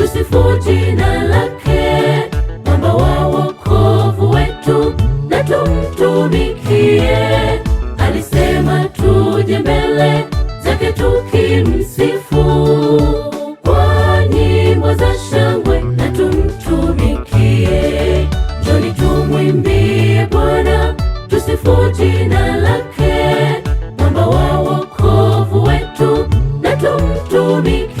tusifu jina lake, mwamba wa wokovu wetu, na tumtumikie. Alisema tuje mbele zake tukimsifu kwa nyimbo za shangwe, na tumtumikie. Njoni tumwimbie Bwana, tusifu jina lake, mwamba wa wokovu wetu, na tumtumikie.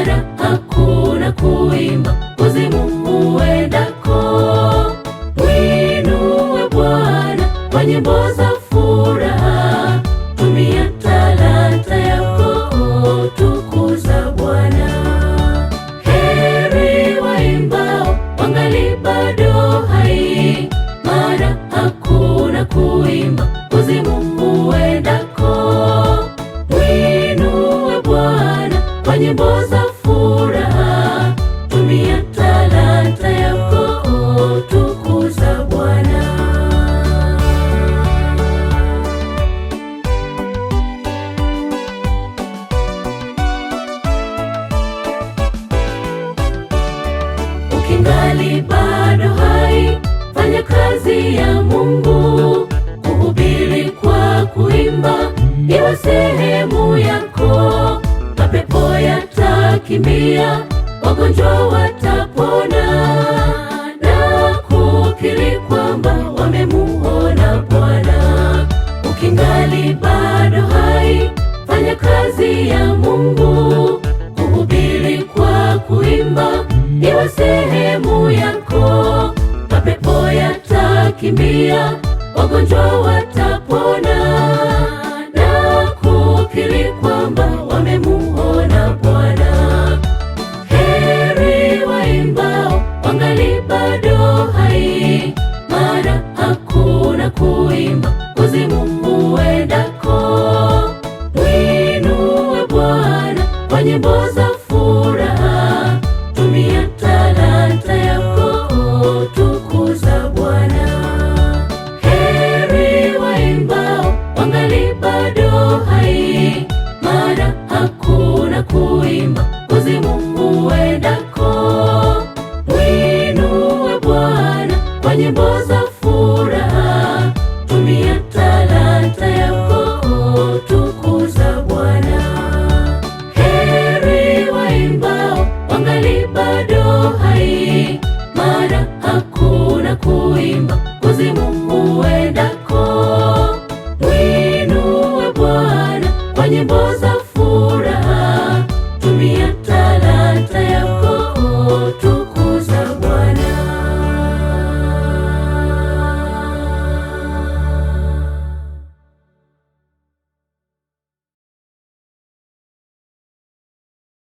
Bwana hakuna kuimba kuzimu huendako. Mwinue Bwana kwa nyimbo za furaha, tumia talanta yako kutukuza Bwana. Heri waimbao wangali bado hai, maana hakuna kuimba kuzimu ya Mungu, kuhubiri kwa kuimba iwe sehemu yako. Mapepo yatakimbia, wagonjwa watapona, na kukiri kwamba wamemuona Bwana. Ukingali bado hai, fanya kazi ya Mungu, kuhubiri kwa kuimba iwe kimia wagonjwa watapona na kukiri kwamba wamemuona Bwana. Heri waimbao wangali bado hai, maana hakuna kuimba kuzimu huendako. Mwinue Bwana kwa nyimbo za bado hai, mana hakuna kuimba kuzimu uendako. Mwinue Bwana kwa nyimbo za furaha, tumia talanta yako kutukuza Bwana. Heri waimbao wangali bado hai, mana